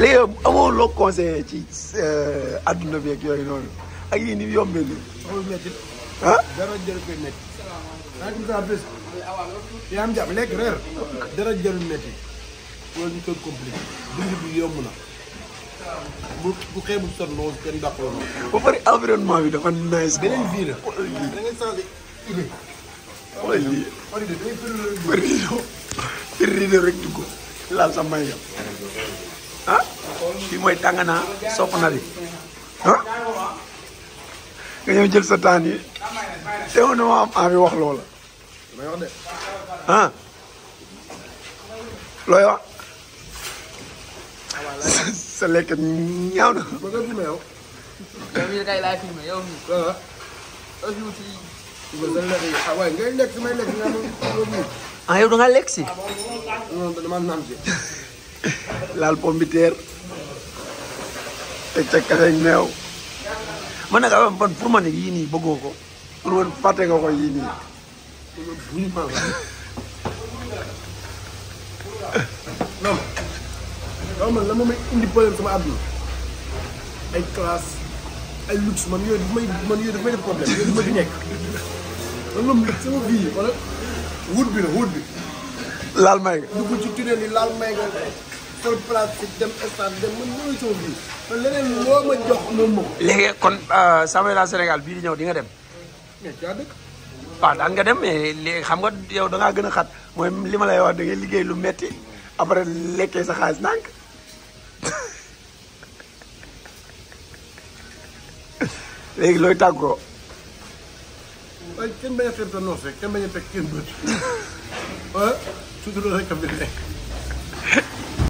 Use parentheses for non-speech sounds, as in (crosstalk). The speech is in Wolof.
léegi amoo loo conseillé ci euh, adduna bi ak yooyu noonu ak yii ni mu yombee nii. amul métti. ah dara bi yomb na. bu bu xëy loolu kenn dàqaloo ba pare environnement bi dafa nice. beneen la da laal sa may yam. ah fii mooy tànganaa sopp na Hah? ah nga ñëw jël sa taan yi teew na ma am envie wax loola ah looy wax sa lekk ñaaw na. yow mii kay laay filmé yow mii. waaw. waaye ngay lekk si may lekk nga ah yow da ngaa lekk si. non dama laal pombiteer te ca kay ak man nga am man pour man yi ni bëggoo ko pour man fàtte nga ko yii nii non non man la may indi problème sama àdduna ay classe ay luxe man yooyu daf man yooyu daf def problème yooyu daf ma fi nekk sama vie wala wut bi la wut bi laal may nga dugg ci tunnel yi laal may nga par place dem stade léegi kon euh, Samuel Sénégal bii di ñëw di nga dem. mais tu as dëkk. daan nga dem mais léegi xam nga yow da gën a xat mooy li lay wax da liggéey lu metti après lekkee sa xaalis ndànk. (laughs) léegi looy tàggoo. waaye (laughs)